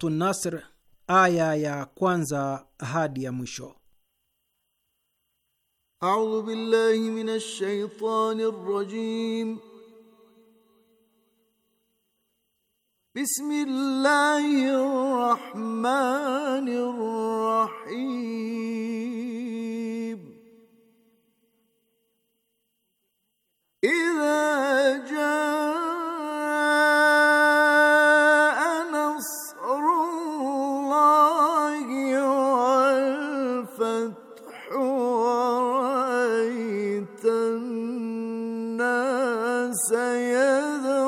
Suratu Nasr aya ya kwanza hadi ya mwisho. Audhu billahi minash shaitani rrajim. Bismillahir rahmanir rahim سيذكر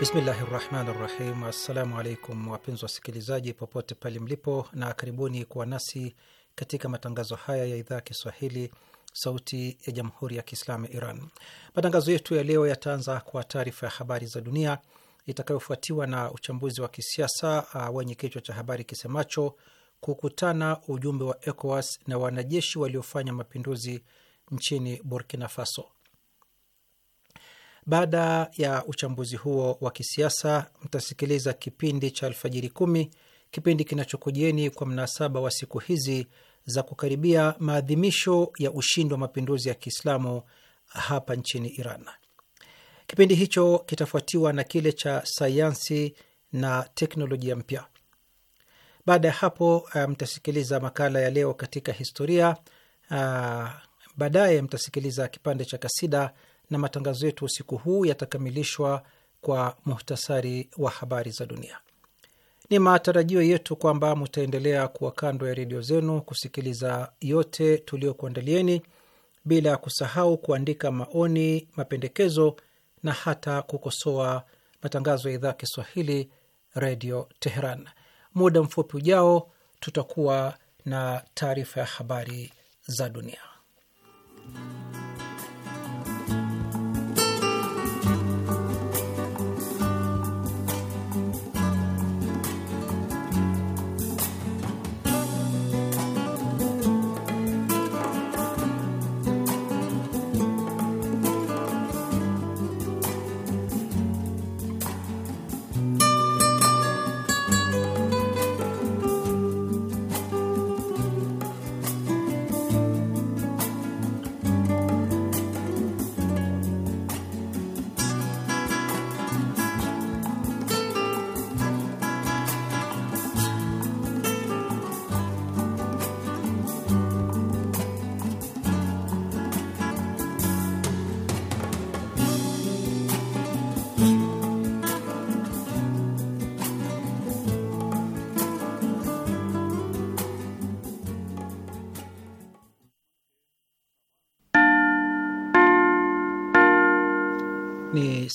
Bismillahi rahmani rahim. Assalamu alaikum wapenzi wasikilizaji popote pale mlipo, na karibuni kuwa nasi katika matangazo haya ya idhaa ya Kiswahili sauti ya jamhuri ya Kiislamu ya Iran. Matangazo yetu ya leo yataanza kwa taarifa ya habari za dunia itakayofuatiwa na uchambuzi wa kisiasa uh, wenye kichwa cha habari kisemacho kukutana ujumbe wa ECOWAS na wanajeshi waliofanya mapinduzi nchini Burkina Faso. Baada ya uchambuzi huo wa kisiasa, mtasikiliza kipindi cha Alfajiri Kumi, kipindi kinachokujieni kwa mnasaba wa siku hizi za kukaribia maadhimisho ya ushindi wa mapinduzi ya Kiislamu hapa nchini Iran. Kipindi hicho kitafuatiwa na kile cha sayansi na teknolojia mpya. Baada ya hapo, eh, mtasikiliza makala ya leo katika historia. Ah, baadaye mtasikiliza kipande cha kasida na matangazo yetu usiku huu yatakamilishwa kwa muhtasari wa habari za dunia. Ni matarajio yetu kwamba mtaendelea kuwa kando ya redio zenu kusikiliza yote tuliyokuandalieni, bila kusahau kuandika maoni, mapendekezo na hata kukosoa matangazo ya idhaa Kiswahili Redio Teheran. Muda mfupi ujao tutakuwa na taarifa ya habari za dunia.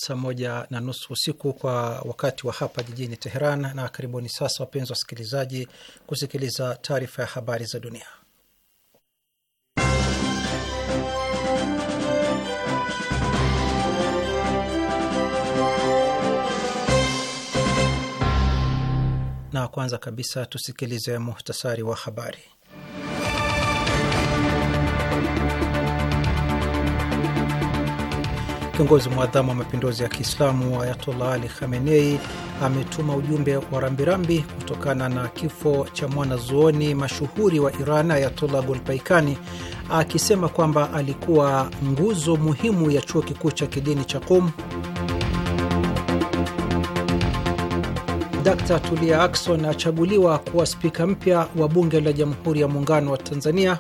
saa moja na nusu usiku kwa wakati wa hapa jijini Teheran. Na karibuni sasa, wapenzi wasikilizaji, kusikiliza taarifa ya habari za dunia, na kwanza kabisa tusikilize muhtasari wa habari. Kiongozi mwadhamu wa mapinduzi ya Kiislamu Ayatollah Ali Khamenei ametuma ujumbe wa rambirambi kutokana na kifo cha mwanazuoni mashuhuri wa Iran Ayatollah Golpaikani, akisema kwamba alikuwa nguzo muhimu ya chuo kikuu cha kidini cha Qom. Dkt. Tulia Akson achaguliwa kuwa spika mpya wa bunge la Jamhuri ya Muungano wa Tanzania.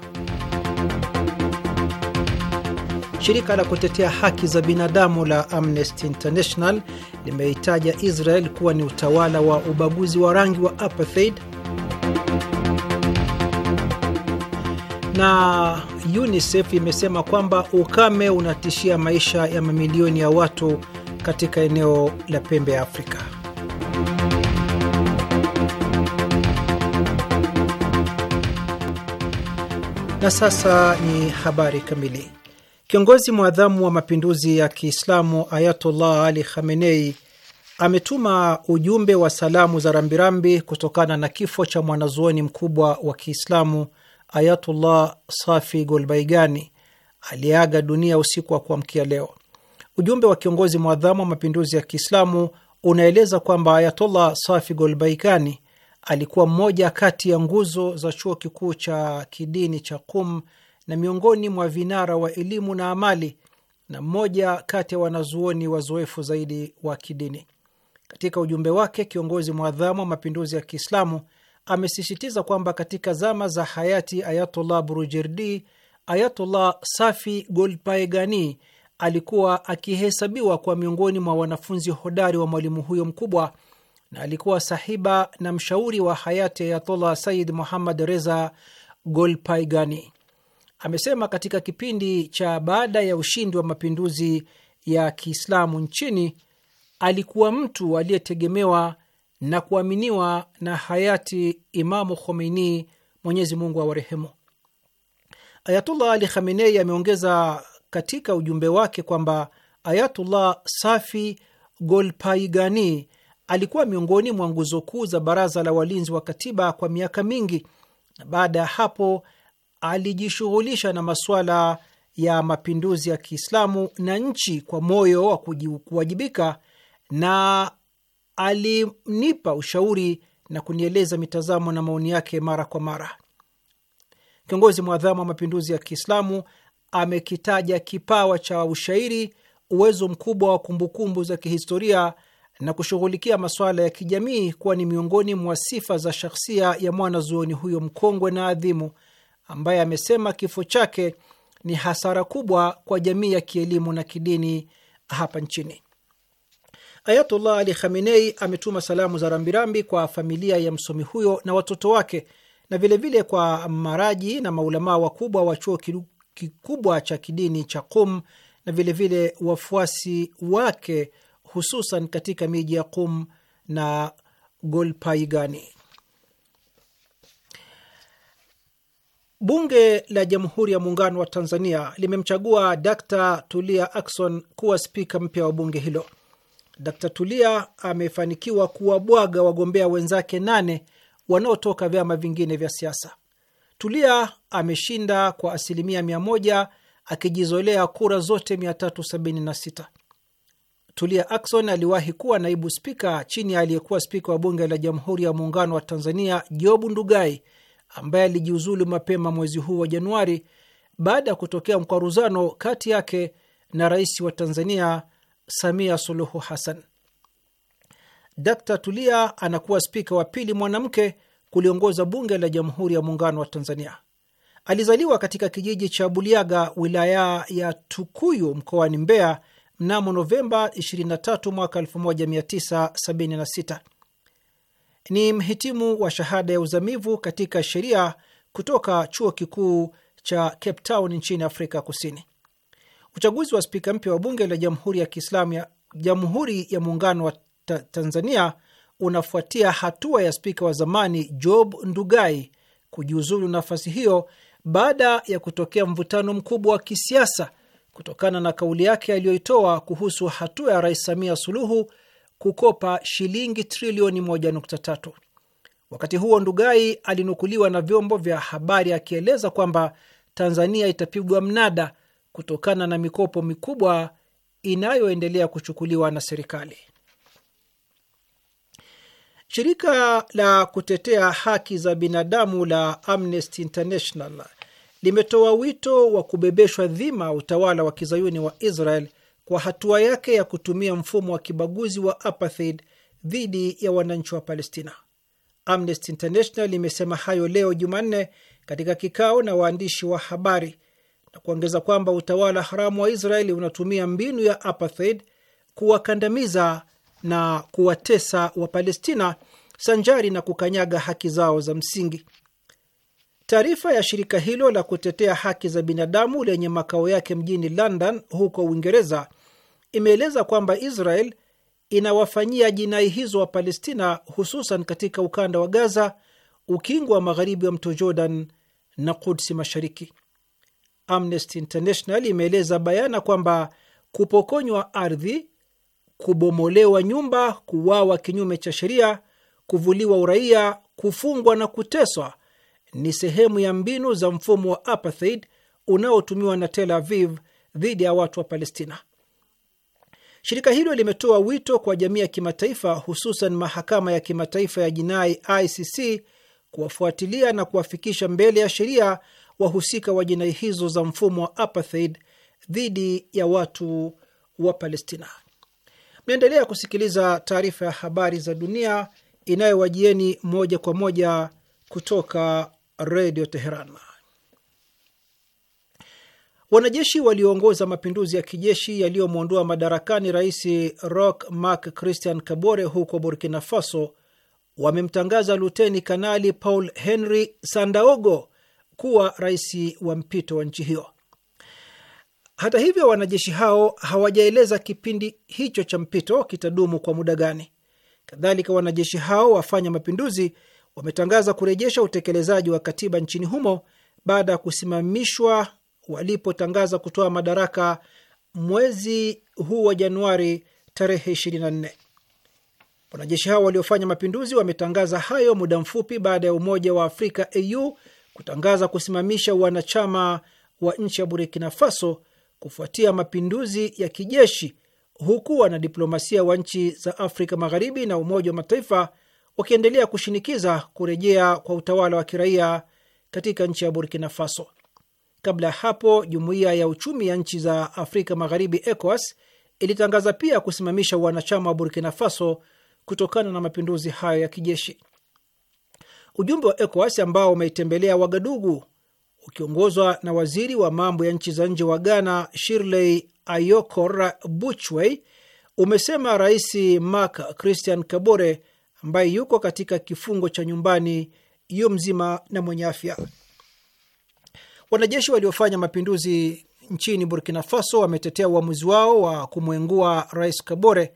Shirika la kutetea haki za binadamu la Amnesty International limeitaja Israel kuwa ni utawala wa ubaguzi wa rangi wa apartheid. Na UNICEF imesema kwamba ukame unatishia maisha ya mamilioni ya watu katika eneo la pembe ya Afrika. Na sasa ni habari kamili. Kiongozi mwadhamu wa mapinduzi ya Kiislamu Ayatullah Ali Khamenei ametuma ujumbe wa salamu za rambirambi kutokana na kifo cha mwanazuoni mkubwa wa Kiislamu Ayatullah Safi Golbaigani aliyeaga dunia usiku wa kuamkia leo. Ujumbe wa kiongozi mwadhamu wa mapinduzi ya Kiislamu unaeleza kwamba Ayatullah Safi Golbaigani alikuwa mmoja kati ya nguzo za chuo kikuu cha kidini cha Qum na miongoni mwa vinara wa elimu na amali na mmoja kati ya wanazuoni wazoefu zaidi wa kidini. Katika ujumbe wake, kiongozi mwadhamu wa mapinduzi ya Kiislamu amesisitiza kwamba katika zama za hayati Ayatullah Burujerdi, Ayatullah Safi Golpaegani alikuwa akihesabiwa kwa miongoni mwa wanafunzi hodari wa mwalimu huyo mkubwa na alikuwa sahiba na mshauri wa hayati Ayatollah Said Muhammad Reza Golpaigani amesema katika kipindi cha baada ya ushindi wa mapinduzi ya Kiislamu nchini alikuwa mtu aliyetegemewa na kuaminiwa na hayati Imamu Khomeini, Mwenyezi Mungu awarehemu. Ayatullah Ali Khamenei ameongeza katika ujumbe wake kwamba Ayatullah Safi Golpaigani alikuwa miongoni mwa nguzo kuu za Baraza la Walinzi wa Katiba kwa miaka mingi, na baada ya hapo alijishughulisha na masuala ya mapinduzi ya Kiislamu na nchi kwa moyo wa kuwajibika, na alinipa ushauri na kunieleza mitazamo na maoni yake mara kwa mara. Kiongozi mwadhamu wa mapinduzi ya Kiislamu amekitaja kipawa cha ushairi, uwezo mkubwa wa kumbukumbu za kihistoria na kushughulikia masuala ya kijamii kuwa ni miongoni mwa sifa za shakhsia ya mwanazuoni huyo mkongwe na adhimu ambaye amesema kifo chake ni hasara kubwa kwa jamii ya kielimu na kidini hapa nchini. Ayatullah Ali Khamenei ametuma salamu za rambirambi kwa familia ya msomi huyo na watoto wake na vilevile vile kwa maraji na maulamaa wakubwa wa chuo kikubwa cha kidini cha Qum na vilevile vile wafuasi wake hususan katika miji ya Qum na Golpaigani. Bunge la Jamhuri ya Muungano wa Tanzania limemchagua d Tulia Akson kuwa spika mpya wa bunge hilo. d Tulia amefanikiwa kuwabwaga wagombea wenzake nane wanaotoka vyama vingine vya siasa. Tulia ameshinda kwa asilimia mia moja akijizolea kura zote 376. Tulia Akson aliwahi kuwa naibu spika chini ya aliyekuwa spika wa bunge la Jamhuri ya Muungano wa Tanzania Jobu Ndugai ambaye alijiuzulu mapema mwezi huu wa Januari baada ya kutokea mkwaruzano kati yake na rais wa Tanzania Samia Suluhu Hassan. Dkt. Tulia anakuwa spika wa pili mwanamke kuliongoza bunge la Jamhuri ya Muungano wa Tanzania. Alizaliwa katika kijiji cha Buliaga, wilaya ya Tukuyu, mkoani Mbeya mnamo Novemba 23 mwaka 1976 ni mhitimu wa shahada ya uzamivu katika sheria kutoka chuo kikuu cha Cape Town nchini Afrika Kusini. Uchaguzi wa spika mpya wa bunge la Jamhuri ya Kiislamu ya Jamhuri ya Muungano wa ta Tanzania unafuatia hatua ya spika wa zamani Job Ndugai kujiuzulu nafasi hiyo baada ya kutokea mvutano mkubwa wa kisiasa kutokana na kauli yake aliyoitoa kuhusu hatua ya Rais Samia Suluhu kukopa shilingi trilioni 1.3. Wakati huo Ndugai alinukuliwa na vyombo vya habari akieleza kwamba Tanzania itapigwa mnada kutokana na mikopo mikubwa inayoendelea kuchukuliwa na serikali. Shirika la kutetea haki za binadamu la Amnesty International limetoa wito wa kubebeshwa dhima utawala wa kizayuni wa Israel kwa hatua yake ya kutumia mfumo wa kibaguzi wa apartheid dhidi ya wananchi wa Palestina. Amnesty International imesema hayo leo Jumanne katika kikao na waandishi wa habari na kuongeza kwamba utawala haramu wa Israeli unatumia mbinu ya apartheid kuwakandamiza na kuwatesa Wapalestina sanjari na kukanyaga haki zao za msingi. Taarifa ya shirika hilo la kutetea haki za binadamu lenye makao yake mjini London huko Uingereza imeeleza kwamba Israel inawafanyia jinai hizo wa Palestina, hususan katika ukanda wa Gaza, ukingo wa magharibi wa mto Jordan na Kudsi Mashariki. Amnesty International imeeleza bayana kwamba kupokonywa ardhi, kubomolewa nyumba, kuwawa kinyume cha sheria, kuvuliwa uraia, kufungwa na kuteswa ni sehemu ya mbinu za mfumo wa apartheid unaotumiwa na Tel Aviv dhidi ya watu wa Palestina. Shirika hilo limetoa wito kwa jamii ya kimataifa, hususan mahakama ya kimataifa ya jinai ICC kuwafuatilia na kuwafikisha mbele ya sheria wahusika wa jinai hizo za mfumo wa apartheid dhidi ya watu wa Palestina. Mnaendelea kusikiliza taarifa ya habari za dunia inayowajieni moja kwa moja kutoka Redio Teheran. Wanajeshi walioongoza mapinduzi ya kijeshi yaliyomwondoa madarakani rais Roch Marc Christian Kabore huko Burkina Faso wamemtangaza luteni kanali Paul Henry Sandaogo kuwa rais wa mpito wa nchi hiyo. Hata hivyo, wanajeshi hao hawajaeleza kipindi hicho cha mpito kitadumu kwa muda gani. Kadhalika, wanajeshi hao wafanya mapinduzi wametangaza kurejesha utekelezaji wa katiba nchini humo baada ya kusimamishwa walipotangaza kutoa madaraka mwezi huu wa Januari tarehe 24. Wanajeshi hao waliofanya mapinduzi wametangaza hayo muda mfupi baada ya Umoja wa Afrika AU kutangaza kusimamisha wanachama wa nchi ya Burkina Faso kufuatia mapinduzi ya kijeshi, huku wanadiplomasia wa nchi za Afrika Magharibi na Umoja wa Mataifa wakiendelea kushinikiza kurejea kwa utawala wa kiraia katika nchi ya Burkina Faso. Kabla ya hapo, jumuiya ya uchumi ya nchi za Afrika Magharibi, ECOWAS, ilitangaza pia kusimamisha wanachama wa Burkina Faso kutokana na mapinduzi hayo ya kijeshi. Ujumbe wa ECOWAS ambao umeitembelea Wagadugu ukiongozwa na waziri wa mambo ya nchi za nje wa Ghana, Shirley Ayokor Buchwey, umesema Rais Marc Christian Kabore ambaye yuko katika kifungo cha nyumbani yu mzima na mwenye afya. Wanajeshi waliofanya mapinduzi nchini Burkina Faso wametetea uamuzi wao wa kumwengua Rais Kabore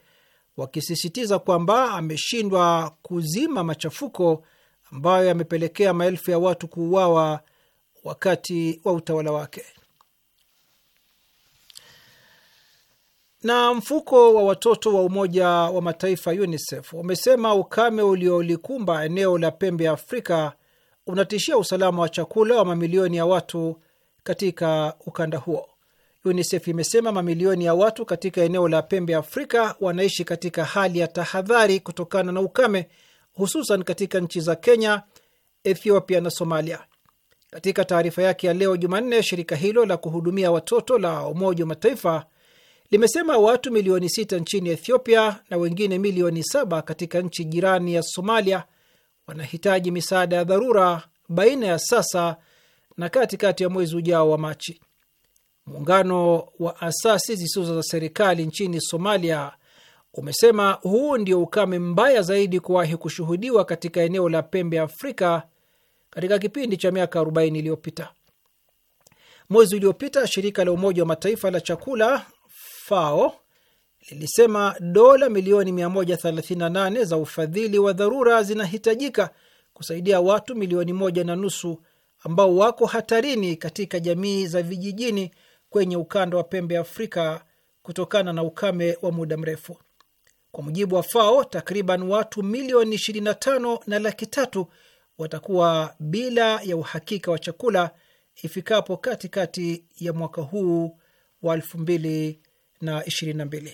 wakisisitiza kwamba ameshindwa kuzima machafuko ambayo yamepelekea maelfu ya watu kuuawa wakati wa utawala wake. Na mfuko wa watoto wa Umoja wa Mataifa UNICEF umesema ukame uliolikumba eneo la pembe ya Afrika unatishia usalama wa chakula wa mamilioni ya watu katika ukanda huo. UNICEF imesema mamilioni ya watu katika eneo la pembe Afrika wanaishi katika hali ya tahadhari kutokana na ukame, hususan katika nchi za Kenya, Ethiopia na Somalia. Katika taarifa yake ya leo Jumanne, shirika hilo la kuhudumia watoto la Umoja wa Mataifa limesema watu milioni sita nchini Ethiopia na wengine milioni saba katika nchi jirani ya Somalia wanahitaji misaada ya dharura baina ya sasa na katikati ya mwezi ujao wa Machi. Muungano wa asasi zisizo za serikali nchini Somalia umesema huu ndio ukame mbaya zaidi kuwahi kushuhudiwa katika eneo la pembe ya Afrika katika kipindi cha miaka 40 iliyopita. Mwezi uliopita, shirika la Umoja wa Mataifa la chakula FAO lilisema dola milioni 138 za ufadhili wa dharura zinahitajika kusaidia watu milioni moja na nusu ambao wako hatarini katika jamii za vijijini kwenye ukanda wa pembe ya Afrika kutokana na ukame wa muda mrefu. Kwa mujibu wa FAO, takriban watu milioni 25 na laki tatu watakuwa bila ya uhakika wa chakula ifikapo katikati ya mwaka huu wa 2022.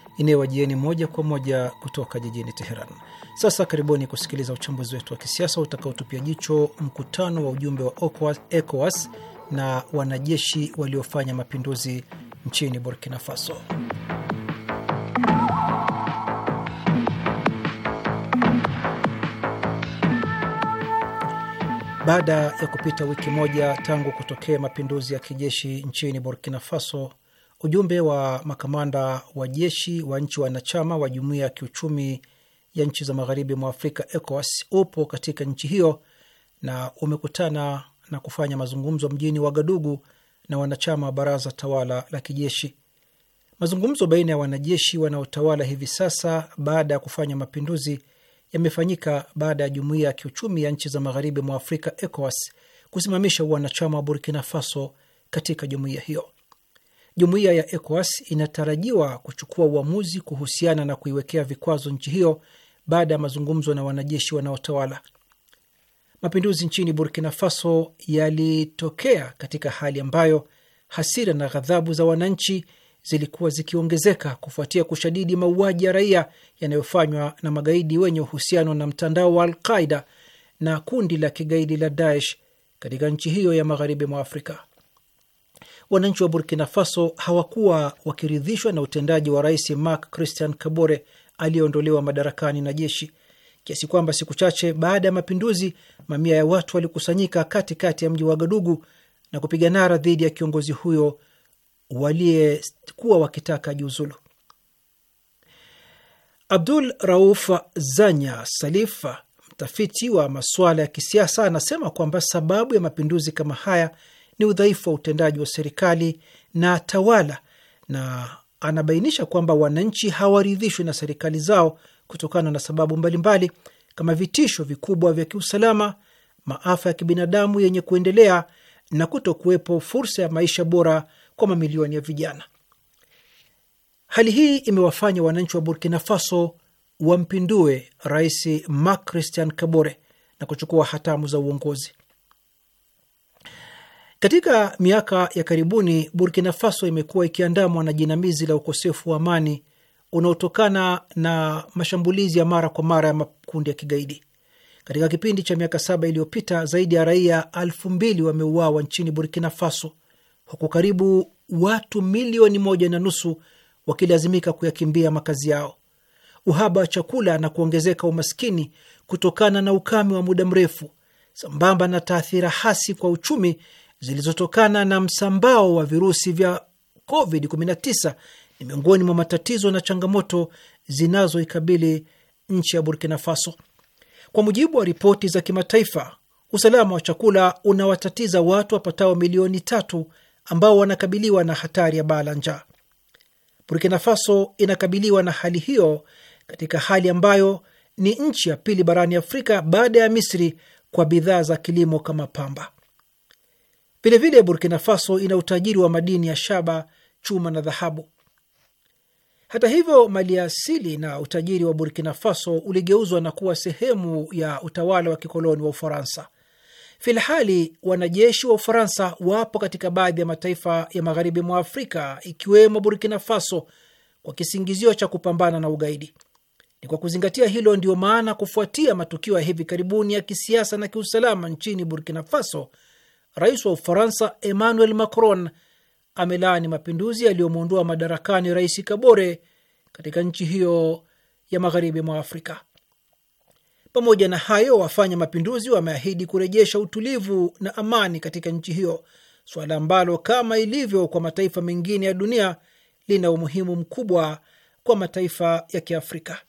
inayowajieni moja kwa moja kutoka jijini Teheran. Sasa karibuni kusikiliza uchambuzi wetu wa kisiasa utakaotupia jicho mkutano wa ujumbe wa ECOWAS na wanajeshi waliofanya mapinduzi nchini Burkina Faso. Baada ya kupita wiki moja tangu kutokea mapinduzi ya kijeshi nchini Burkina Faso, Ujumbe wa makamanda wa jeshi wa nchi wanachama wa jumuiya ya kiuchumi ya nchi za magharibi mwa Afrika, ECOWAS, upo katika nchi hiyo na umekutana na kufanya mazungumzo mjini Wagadugu na wanachama wa baraza tawala la kijeshi. Mazungumzo baina ya wanajeshi wanaotawala hivi sasa baada ya kufanya mapinduzi yamefanyika baada ya jumuiya ya kiuchumi ya nchi za magharibi mwa Afrika, ECOWAS, kusimamisha wanachama wa Burkina Faso katika jumuiya hiyo. Jumuiya ya ECOWAS inatarajiwa kuchukua uamuzi kuhusiana na kuiwekea vikwazo nchi hiyo baada ya mazungumzo na wanajeshi wanaotawala. Mapinduzi nchini Burkina Faso yalitokea katika hali ambayo hasira na ghadhabu za wananchi zilikuwa zikiongezeka kufuatia kushadidi mauaji ya raia yanayofanywa na magaidi wenye uhusiano na mtandao wa Alqaida na kundi la kigaidi la Daesh katika nchi hiyo ya magharibi mwa Afrika wananchi wa Burkina Faso hawakuwa wakiridhishwa na utendaji wa rais Marc Christian Kabore aliyeondolewa madarakani na jeshi, kiasi kwamba siku chache baada ya mapinduzi mamia ya watu walikusanyika katikati ya mji wa Gadugu na kupiga nara dhidi ya kiongozi huyo waliyekuwa wakitaka jiuzulu. Abdul Rauf Zanya Salifa, mtafiti wa masuala ya kisiasa, anasema kwamba sababu ya mapinduzi kama haya ni udhaifu wa utendaji wa serikali na tawala, na anabainisha kwamba wananchi hawaridhishwi na serikali zao kutokana na sababu mbalimbali mbali, kama vitisho vikubwa vya kiusalama, maafa ya kibinadamu yenye kuendelea na kuto kuwepo fursa ya maisha bora kwa mamilioni ya vijana. Hali hii imewafanya wananchi wa Burkina Faso wampindue Rais Mak Christian Kabore na kuchukua hatamu za uongozi. Katika miaka ya karibuni, Burkina Faso imekuwa ikiandamwa na jinamizi la ukosefu wa amani unaotokana na mashambulizi ya mara kwa mara ya makundi ya kigaidi. Katika kipindi cha miaka saba iliyopita, zaidi ya raia alfu mbili wameuawa nchini Burkina Faso, huku karibu watu milioni moja na nusu wakilazimika kuyakimbia makazi yao. Uhaba wa chakula na kuongezeka umaskini kutokana na ukame wa muda mrefu sambamba na taathira hasi kwa uchumi zilizotokana na msambao wa virusi vya COVID-19 ni miongoni mwa matatizo na changamoto zinazoikabili nchi ya Burkina Faso. Kwa mujibu wa ripoti za kimataifa, usalama wa chakula unawatatiza watu wapatao milioni tatu ambao wanakabiliwa na hatari ya baa la njaa. Burkina Faso inakabiliwa na hali hiyo katika hali ambayo ni nchi ya pili barani Afrika baada ya Misri kwa bidhaa za kilimo kama pamba. Vilevile, Burkina Faso ina utajiri wa madini ya shaba, chuma na dhahabu. Hata hivyo, mali ya asili na utajiri wa Burkina Faso uligeuzwa na kuwa sehemu ya utawala wa kikoloni wa Ufaransa. Filhali wanajeshi wa Ufaransa wapo katika baadhi ya mataifa ya magharibi mwa Afrika ikiwemo Burkina Faso kwa kisingizio cha kupambana na ugaidi. Ni kwa kuzingatia hilo, ndiyo maana kufuatia matukio ya hivi karibuni ya kisiasa na kiusalama nchini Burkina Faso, rais wa Ufaransa Emmanuel Macron amelaani mapinduzi yaliyomwondoa madarakani Rais Kabore katika nchi hiyo ya magharibi mwa Afrika. Pamoja na hayo, wafanya mapinduzi wameahidi kurejesha utulivu na amani katika nchi hiyo, suala ambalo kama ilivyo kwa mataifa mengine ya dunia lina umuhimu mkubwa kwa mataifa ya Kiafrika.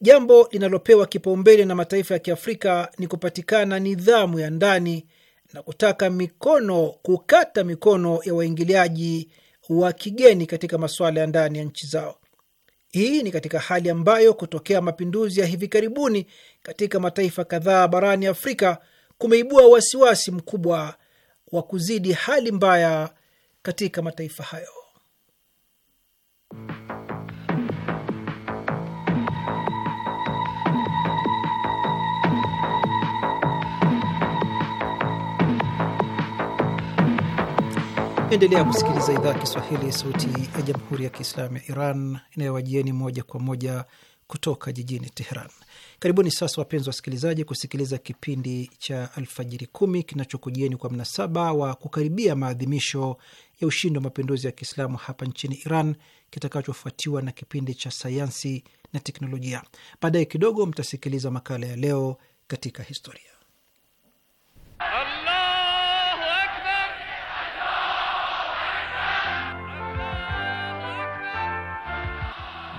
Jambo linalopewa kipaumbele na mataifa ya Kiafrika ni kupatikana nidhamu ya ndani na kutaka mikono kukata mikono ya waingiliaji wa kigeni katika masuala ya ndani ya nchi zao. Hii ni katika hali ambayo kutokea mapinduzi ya hivi karibuni katika mataifa kadhaa barani Afrika kumeibua wasiwasi mkubwa wa kuzidi hali mbaya katika mataifa hayo. Endelea kusikiliza idhaa ya Kiswahili, sauti ya jamhuri ya kiislamu ya Iran inayowajieni moja kwa moja kutoka jijini Teheran. Karibuni sasa, wapenzi wasikilizaji, kusikiliza kipindi cha Alfajiri Kumi kinachokujieni kwa mnasaba wa kukaribia maadhimisho ya ushindi wa mapinduzi ya Kiislamu hapa nchini Iran, kitakachofuatiwa na kipindi cha sayansi na teknolojia. Baadaye kidogo mtasikiliza makala ya leo katika historia.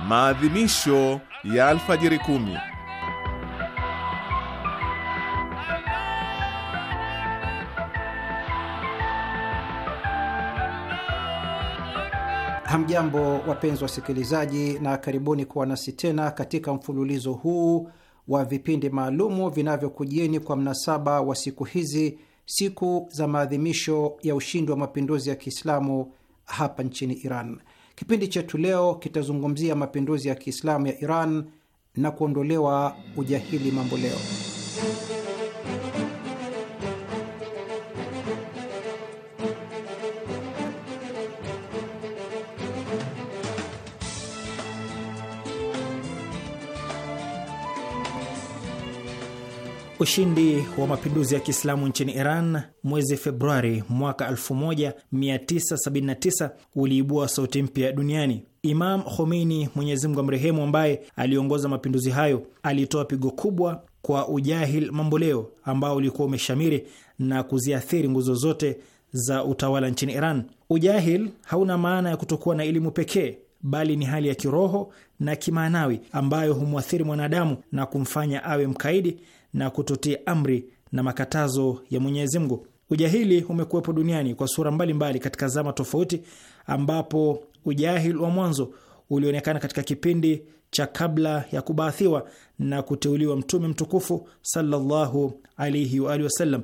Maadhimisho ya alfajiri kumi. Hamjambo, wapenzi wasikilizaji, na karibuni kuwa nasi tena katika mfululizo huu wa vipindi maalumu vinavyokujieni kwa mnasaba wa siku hizi, siku za maadhimisho ya ushindi wa mapinduzi ya Kiislamu hapa nchini Iran. Kipindi chetu leo kitazungumzia mapinduzi ya Kiislamu ya Iran na kuondolewa ujahili mambo leo. Ushindi wa mapinduzi ya Kiislamu nchini Iran mwezi Februari mwaka 1979 uliibua sauti mpya duniani. Imam Khomeini, Mwenyezi Mungu amrehemu, ambaye aliongoza mapinduzi hayo, alitoa pigo kubwa kwa ujahil mamboleo ambao ulikuwa umeshamiri na kuziathiri nguzo zote za utawala nchini Iran. Ujahil hauna maana ya kutokuwa na elimu pekee, bali ni hali ya kiroho na kimaanawi ambayo humwathiri mwanadamu na kumfanya awe mkaidi na kutotii amri na makatazo ya Mwenyezi Mungu. Ujahili umekuwepo duniani kwa sura mbalimbali mbali katika zama tofauti, ambapo ujahil wa mwanzo ulionekana katika kipindi cha kabla ya kubaathiwa na kuteuliwa Mtume mtukufu sallallahu alaihi wa alihi wasallam.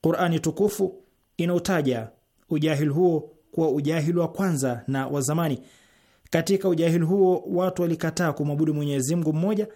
Qurani tukufu inautaja ujahil huo kuwa ujahil wa kwanza na wa zamani. Katika ujahil huo watu walikataa kumwabudu Mwenyezi Mungu mmoja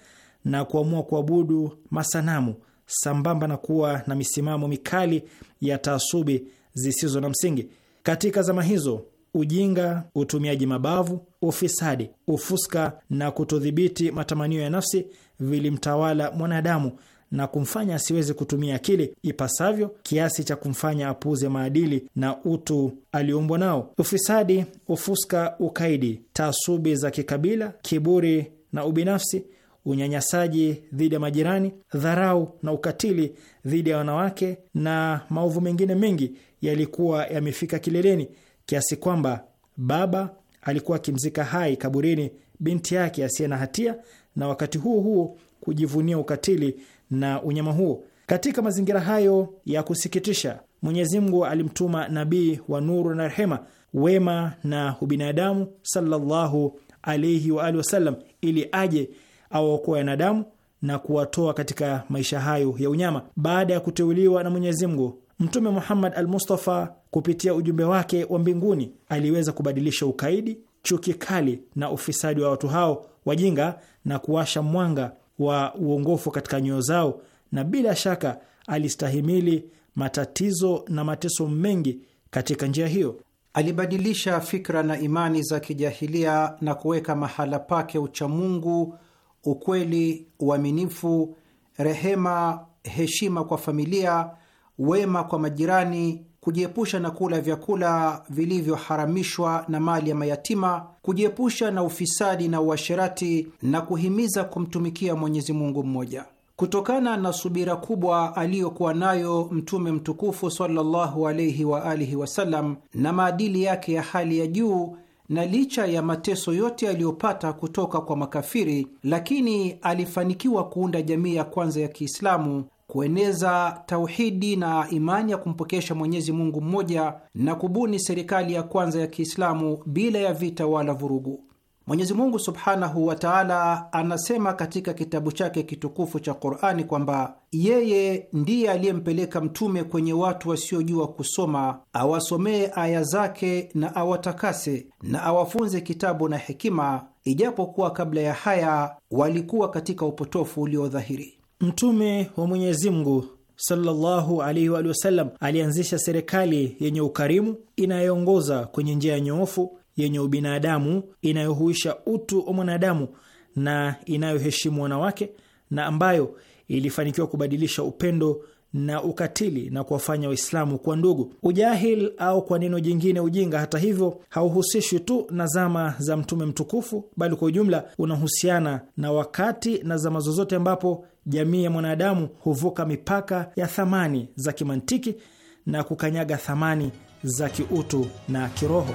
na kuamua kuabudu masanamu sambamba na kuwa na misimamo mikali ya taasubi zisizo na msingi. Katika zama hizo, ujinga, utumiaji mabavu, ufisadi, ufuska na kutodhibiti matamanio ya nafsi vilimtawala mwanadamu na kumfanya asiwezi kutumia akili ipasavyo kiasi cha kumfanya apuze maadili na utu aliumbwa nao. Ufisadi, ufuska, ukaidi, taasubi za kikabila, kiburi na ubinafsi unyanyasaji dhidi ya majirani, dharau na ukatili dhidi ya wanawake na maovu mengine mengi yalikuwa yamefika kileleni kiasi kwamba baba alikuwa akimzika hai kaburini binti yake asiye na hatia na wakati huo huo kujivunia ukatili na unyama huo. Katika mazingira hayo ya kusikitisha, Mwenyezi Mungu alimtuma nabii wa nuru na rehema, wema na ubinadamu, sallallahu alaihi wa alihi wasallam, ili aje awaokoe wanadamu na kuwatoa katika maisha hayo ya unyama. Baada ya kuteuliwa na Mwenyezi Mungu, Mtume Muhammad al Mustafa kupitia ujumbe wake wa mbinguni aliweza kubadilisha ukaidi, chuki kali na ufisadi wa watu hao wajinga na kuwasha mwanga wa uongofu katika nyoyo zao, na bila shaka alistahimili matatizo na mateso mengi katika njia hiyo. Alibadilisha fikra na imani za kijahilia na kuweka mahala pake uchamungu ukweli, uaminifu, rehema, heshima kwa familia, wema kwa majirani, kujiepusha na kula vyakula vilivyoharamishwa na mali ya mayatima, kujiepusha na ufisadi na uasherati na kuhimiza kumtumikia Mwenyezi Mungu mmoja. Kutokana na subira kubwa aliyokuwa nayo Mtume mtukufu sallallahu alaihi wa alihi wasallam na maadili yake ya hali ya juu na licha ya mateso yote aliyopata kutoka kwa makafiri, lakini alifanikiwa kuunda jamii ya kwanza ya Kiislamu, kueneza tauhidi na imani ya kumpokesha Mwenyezi Mungu mmoja na kubuni serikali ya kwanza ya Kiislamu bila ya vita wala vurugu. Mwenyezi Mungu subhanahu wa taala anasema katika kitabu chake kitukufu cha Qurani kwamba yeye ndiye aliyempeleka mtume kwenye watu wasiojua kusoma, awasomee aya zake na awatakase na awafunze kitabu na hekima, ijapokuwa kabla ya haya walikuwa katika upotofu uliodhahiri. Mtume wa Mwenyezi Mungu sallallahu alaihi wa alianzisha serikali yenye ukarimu inayoongoza kwenye njia ya nyoofu yenye ubinadamu inayohuisha utu wa mwanadamu na inayoheshimu wanawake na ambayo ilifanikiwa kubadilisha upendo na ukatili na kuwafanya Waislamu kuwa ndugu. Ujahil au kwa neno jingine ujinga, hata hivyo, hauhusishwi tu na zama za Mtume mtukufu, bali kwa ujumla unahusiana na wakati na zama zozote ambapo jamii ya mwanadamu huvuka mipaka ya thamani za kimantiki na kukanyaga thamani za kiutu na kiroho.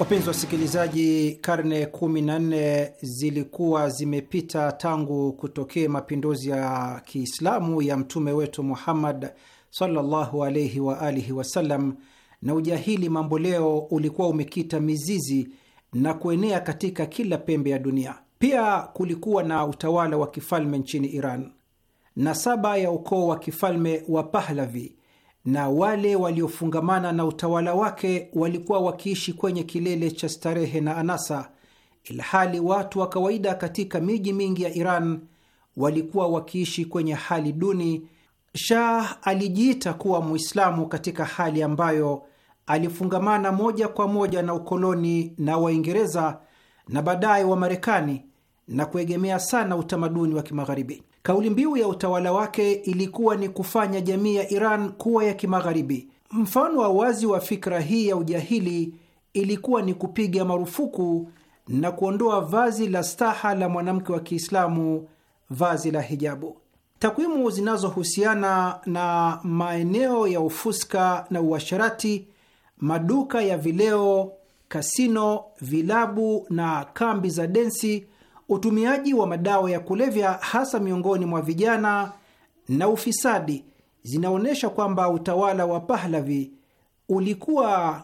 Wapenzi wasikilizaji, karne 14 zilikuwa zimepita tangu kutokea mapinduzi ya Kiislamu ya mtume wetu Muhammad sallallahu alaihi wa alihi wasallam, na ujahili mamboleo ulikuwa umekita mizizi na kuenea katika kila pembe ya dunia. Pia kulikuwa na utawala wa kifalme nchini Iran. Nasaba ya ukoo wa kifalme wa Pahlavi na wale waliofungamana na utawala wake walikuwa wakiishi kwenye kilele cha starehe na anasa, ilhali watu wa kawaida katika miji mingi ya Iran walikuwa wakiishi kwenye hali duni. Shah alijiita kuwa Muislamu katika hali ambayo alifungamana moja kwa moja na ukoloni na Waingereza na baadaye Wamarekani na kuegemea sana utamaduni wa Kimagharibi. Kauli mbiu ya utawala wake ilikuwa ni kufanya jamii ya Iran kuwa ya kimagharibi. Mfano wa wazi wa fikra hii ya ujahili ilikuwa ni kupiga marufuku na kuondoa vazi la staha la mwanamke wa Kiislamu, vazi la hijabu. Takwimu zinazohusiana na maeneo ya ufuska na uasharati, maduka ya vileo, kasino, vilabu na kambi za densi utumiaji wa madawa ya kulevya hasa miongoni mwa vijana na ufisadi zinaonyesha kwamba utawala wa Pahlavi ulikuwa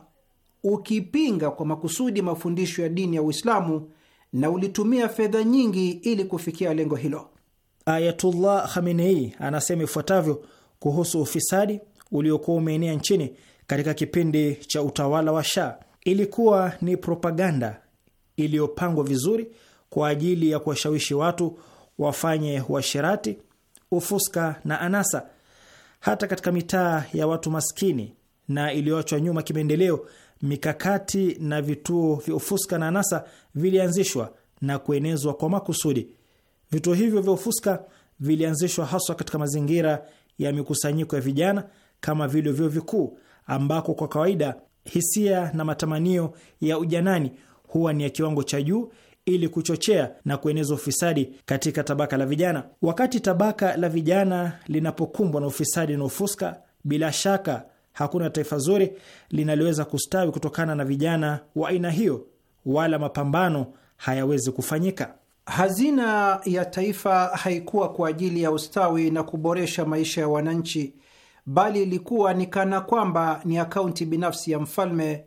ukipinga kwa makusudi mafundisho ya dini ya Uislamu na ulitumia fedha nyingi ili kufikia lengo hilo. Ayatullah Khamenei anasema ifuatavyo kuhusu ufisadi uliokuwa umeenea nchini katika kipindi cha utawala wa Shah: ilikuwa ni propaganda iliyopangwa vizuri kwa ajili ya kuwashawishi watu wafanye uasherati, ufuska na anasa. Hata katika mitaa ya watu maskini na iliyoachwa nyuma kimaendeleo, mikakati na vituo vya ufuska na anasa vilianzishwa na kuenezwa kwa makusudi. Vituo hivyo vya ufuska vilianzishwa haswa katika mazingira ya mikusanyiko ya vijana kama vile vyuo vikuu, ambako kwa kawaida hisia na matamanio ya ujanani huwa ni ya kiwango cha juu ili kuchochea na kueneza ufisadi katika tabaka la vijana. Wakati tabaka la vijana linapokumbwa na ufisadi na ufuska, bila shaka hakuna taifa zuri linaloweza kustawi kutokana na vijana wa aina hiyo, wala mapambano hayawezi kufanyika. Hazina ya taifa haikuwa kwa ajili ya ustawi na kuboresha maisha ya wananchi, bali ilikuwa ni kana kwamba ni akaunti binafsi ya mfalme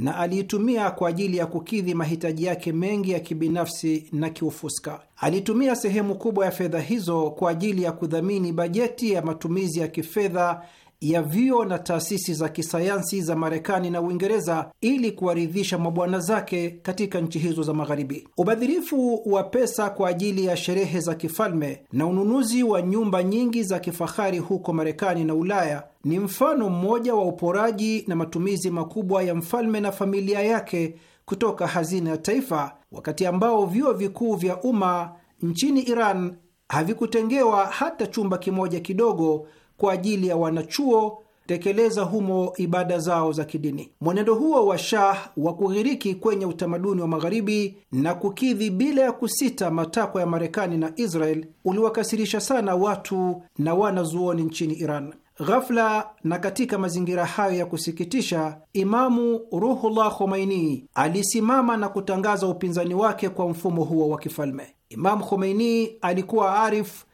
na aliitumia kwa ajili ya kukidhi mahitaji yake mengi ya kibinafsi na kiufuska. Alitumia sehemu kubwa ya fedha hizo kwa ajili ya kudhamini bajeti ya matumizi ya kifedha ya vyuo na taasisi za kisayansi za Marekani na Uingereza ili kuwaridhisha mabwana zake katika nchi hizo za Magharibi. Ubadhirifu wa pesa kwa ajili ya sherehe za kifalme na ununuzi wa nyumba nyingi za kifahari huko Marekani na Ulaya ni mfano mmoja wa uporaji na matumizi makubwa ya mfalme na familia yake kutoka hazina ya taifa, wakati ambao vyuo vikuu vya umma nchini Iran havikutengewa hata chumba kimoja kidogo kwa ajili ya wanachuo tekeleza humo ibada zao za kidini. Mwenendo huo wa Shah wa kughiriki kwenye utamaduni wa Magharibi na kukidhi bila ya kusita matakwa ya Marekani na Israel uliwakasirisha sana watu na wanazuoni nchini Iran. Ghafla na katika mazingira hayo ya kusikitisha, Imamu Ruhullah Khomeini alisimama na kutangaza upinzani wake kwa mfumo huo wa kifalme. Imamu Khomeini alikuwa arif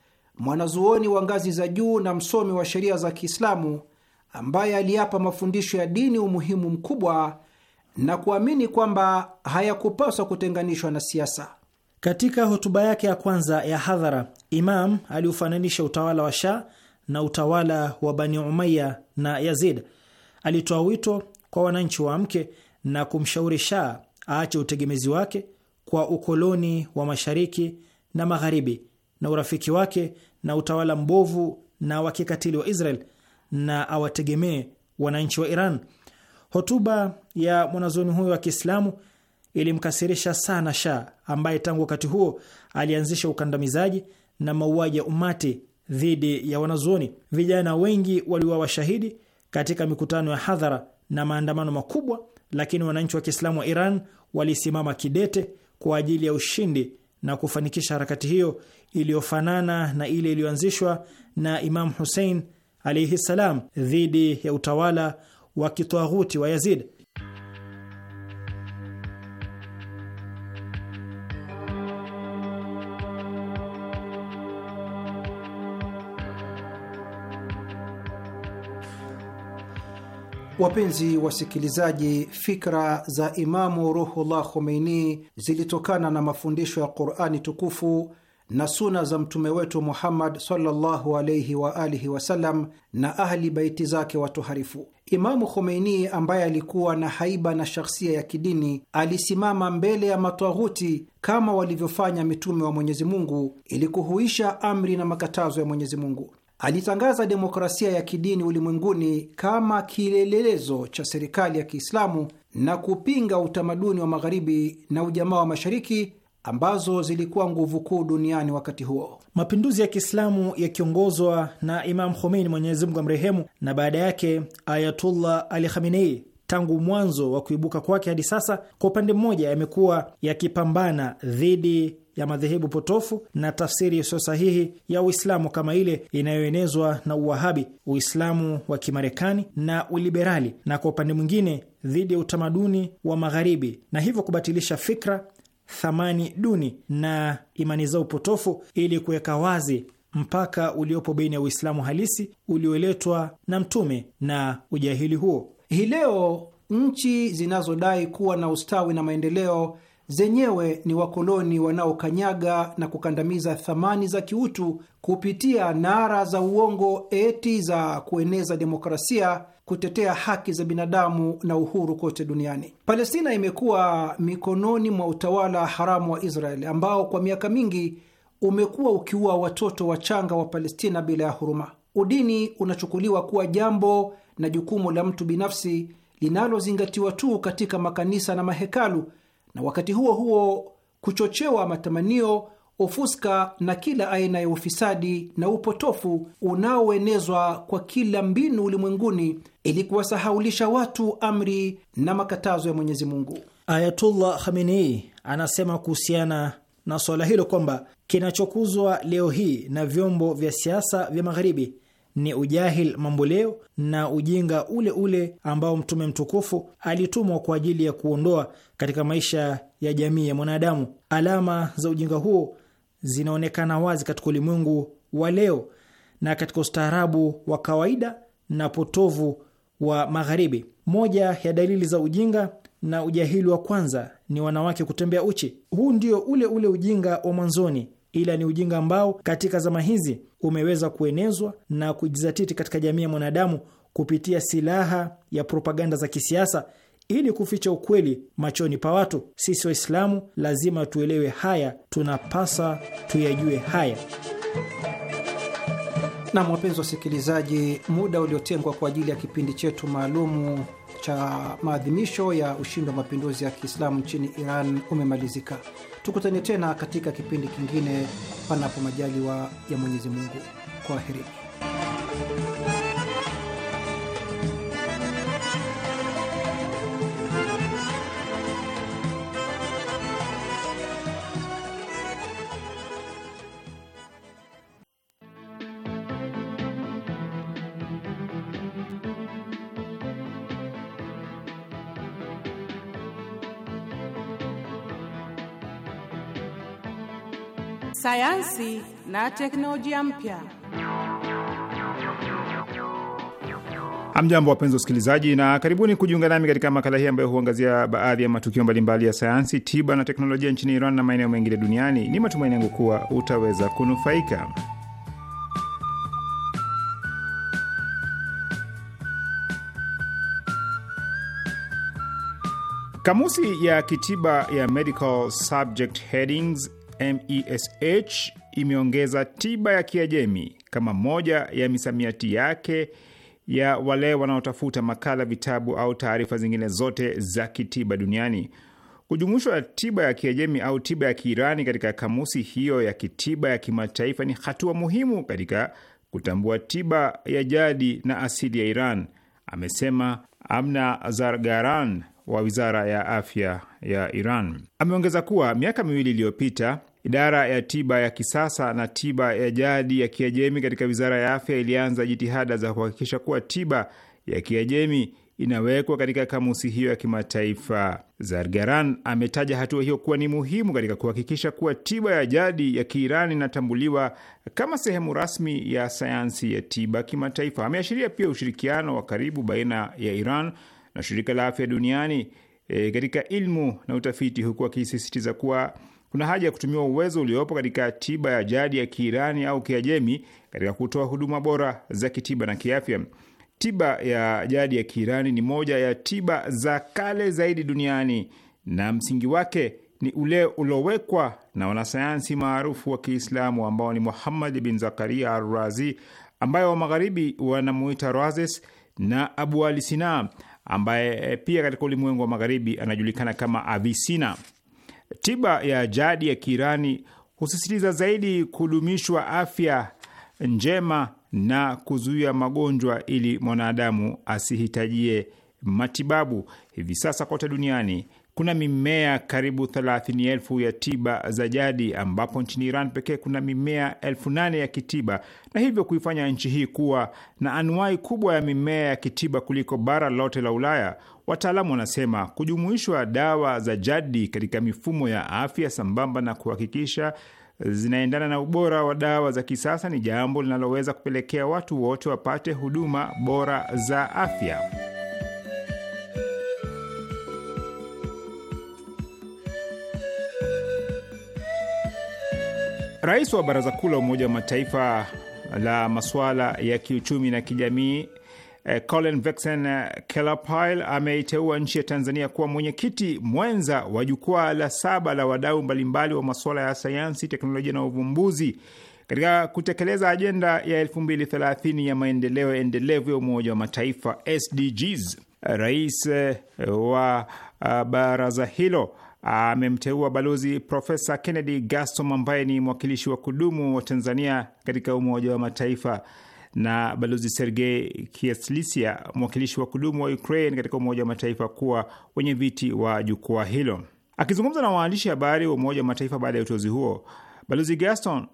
mwanazuoni wa ngazi za juu na msomi wa sheria za Kiislamu ambaye aliapa mafundisho ya dini umuhimu mkubwa na kuamini kwamba hayakupaswa kutenganishwa na siasa. Katika hotuba yake ya kwanza ya hadhara, Imam aliufananisha utawala wa Shah na utawala wa Bani Umaya na Yazid. Alitoa wito kwa wananchi wa mke na kumshauri Shah aache utegemezi wake kwa ukoloni wa mashariki na magharibi na urafiki wake na utawala mbovu na wa kikatili wa Israel na awategemee wananchi wa Iran. Hotuba ya mwanazuoni huyo wa Kiislamu ilimkasirisha sana Shah ambaye tangu wakati huo alianzisha ukandamizaji na mauaji ya umati dhidi ya wanazuoni. Vijana wengi waliwa washahidi katika mikutano ya hadhara na maandamano makubwa, lakini wananchi wa Kiislamu wa Iran walisimama kidete kwa ajili ya ushindi na kufanikisha harakati hiyo iliyofanana na ile iliyoanzishwa na Imam husein alaihi ssalam dhidi ya utawala wa kitwaghuti wa Yazid. Wapenzi wasikilizaji, fikra za Imamu Ruhullah Khomeini zilitokana na mafundisho ya Qurani tukufu na suna za mtume wetu Muhammad sallallahu wa alihi wasallam na ahli baiti zake watoharifu. Imamu Khomeini ambaye alikuwa na haiba na shakhsia ya kidini alisimama mbele ya matwaghuti kama walivyofanya mitume wa Mwenyezi Mungu ili kuhuisha amri na makatazo ya Mwenyezi Mungu alitangaza demokrasia ya kidini ulimwenguni kama kielelezo cha serikali ya Kiislamu na kupinga utamaduni wa magharibi na ujamaa wa mashariki ambazo zilikuwa nguvu kuu duniani wakati huo. Mapinduzi ya Kiislamu yakiongozwa na Imam Khomeini, Mwenyezi Mungu amrehemu, na baada yake Ayatullah Ali Khamenei, tangu mwanzo wa kuibuka kwake hadi sasa, kwa upande mmoja yamekuwa yakipambana dhidi ya madhehebu potofu na tafsiri isiyo sahihi ya Uislamu kama ile inayoenezwa na Uwahabi, Uislamu wa Kimarekani na uliberali, na kwa upande mwingine dhidi ya utamaduni wa Magharibi na hivyo kubatilisha fikra, thamani duni na imani zao potofu ili kuweka wazi mpaka uliopo baina ya Uislamu halisi ulioletwa na Mtume na ujahili huo. Hii leo nchi zinazodai kuwa na ustawi na maendeleo zenyewe ni wakoloni wanaokanyaga na kukandamiza thamani za kiutu kupitia nara za uongo eti za kueneza demokrasia, kutetea haki za binadamu na uhuru kote duniani. Palestina imekuwa mikononi mwa utawala haramu wa Israeli ambao kwa miaka mingi umekuwa ukiua watoto wachanga wa Palestina bila ya huruma. Udini unachukuliwa kuwa jambo na jukumu la mtu binafsi linalozingatiwa tu katika makanisa na mahekalu na wakati huo huo kuchochewa matamanio, ufuska na kila aina ya ufisadi na upotofu unaoenezwa kwa kila mbinu ulimwenguni ili kuwasahaulisha watu amri na makatazo ya Mwenyezi Mungu. Ayatullah Khamenei anasema kuhusiana na suala hilo kwamba kinachokuzwa leo hii na vyombo vya siasa vya Magharibi ni ujahil mamboleo na ujinga ule ule ambao mtume mtukufu alitumwa kwa ajili ya kuondoa katika maisha ya jamii ya mwanadamu. Alama za ujinga huo zinaonekana wazi katika ulimwengu wa leo na katika ustaarabu wa kawaida na potovu wa Magharibi. Moja ya dalili za ujinga na ujahili wa kwanza ni wanawake kutembea uchi. Huu ndio ule ule ujinga wa mwanzoni ila ni ujinga ambao katika zama hizi umeweza kuenezwa na kujizatiti katika jamii ya mwanadamu kupitia silaha ya propaganda za kisiasa ili kuficha ukweli machoni pa watu. Sisi Waislamu lazima tuelewe haya, tunapasa tuyajue haya. Nam, wapenzi wasikilizaji, muda uliotengwa kwa ajili ya kipindi chetu maalumu cha maadhimisho ya ushindi wa mapinduzi ya Kiislamu nchini Iran umemalizika. Tukutane tena katika kipindi kingine, panapo majaliwa ya Mwenyezi Mungu. Kwaheri. sayansi na teknolojia mpya. Hamjambo, wapenzi wasikilizaji, na karibuni kujiunga nami katika makala hii ambayo huangazia baadhi ya matukio mbalimbali ya sayansi, tiba na teknolojia nchini Iran na maeneo mengine duniani. Ni matumaini yangu kuwa utaweza kunufaika. Kamusi ya kitiba ya Medical Subject Headings MESH imeongeza tiba ya Kiajemi kama moja ya misamiati yake ya wale wanaotafuta makala, vitabu au taarifa zingine zote za kitiba duniani. Kujumuishwa tiba ya Kiajemi au tiba ya Kiirani katika kamusi hiyo ya kitiba ya kimataifa ni hatua muhimu katika kutambua tiba ya jadi na asili ya Iran, amesema Amna Zargaran wa wizara ya afya ya Iran. Ameongeza kuwa miaka miwili iliyopita idara ya tiba ya kisasa na tiba ya jadi ya Kiajemi katika wizara ya afya ilianza jitihada za kuhakikisha kuwa tiba ya Kiajemi inawekwa katika kamusi hiyo ya kimataifa. Zargaran ametaja hatua hiyo kuwa ni muhimu katika kuhakikisha kuwa tiba ya jadi ya Kiirani inatambuliwa kama sehemu rasmi ya sayansi ya tiba kimataifa. Ameashiria pia ushirikiano wa karibu baina ya Iran na shirika la afya duniani e, katika ilmu na utafiti, huku akisisitiza kuwa kuna haja ya kutumia uwezo uliopo katika tiba ya jadi ya Kiirani au Kiajemi katika kutoa huduma bora za kitiba na kiafya. Tiba ya jadi ya Kiirani ni moja ya tiba za kale zaidi duniani na msingi wake ni ule uliowekwa na wanasayansi maarufu wa Kiislamu ambao ni Muhammad bin Zakaria Arrazi, ambayo wa Magharibi wanamuita Rhazes na Abu Ali Sina, ambaye eh, pia katika ulimwengu wa magharibi anajulikana kama avisina Tiba ya jadi ya Kiirani husisitiza zaidi kudumishwa afya njema na kuzuia magonjwa ili mwanadamu asihitajie matibabu. Hivi sasa kote duniani kuna mimea karibu thelathini elfu ya tiba za jadi ambapo nchini Iran pekee kuna mimea elfu nane ya kitiba na hivyo kuifanya nchi hii kuwa na anuai kubwa ya mimea ya kitiba kuliko bara lote la Ulaya. Wataalamu wanasema kujumuishwa dawa za jadi katika mifumo ya afya sambamba na kuhakikisha zinaendana na ubora wa dawa za kisasa ni jambo linaloweza kupelekea watu wote wapate huduma bora za afya. Rais wa Baraza Kuu la Umoja wa Mataifa la masuala ya kiuchumi na kijamii eh, Colin Vexen eh, kelapil ameiteua nchi ya Tanzania kuwa mwenyekiti mwenza wa jukwaa la saba la wadau mbalimbali wa masuala ya sayansi, teknolojia na uvumbuzi katika kutekeleza ajenda ya 2030 ya maendeleo endelevu ya Umoja wa Mataifa SDGs. Rais eh, wa baraza hilo amemteua balozi Profesa Kennedy Gaston ambaye ni mwakilishi wa kudumu wa Tanzania katika Umoja wa Mataifa na balozi Sergei Kieslisia, mwakilishi wa kudumu wa Ukraine katika Umoja wa Mataifa kuwa wenye viti wa jukwaa hilo. Akizungumza na waandishi habari wa Umoja wa Mataifa baada ya uteuzi huo, balozi Gaston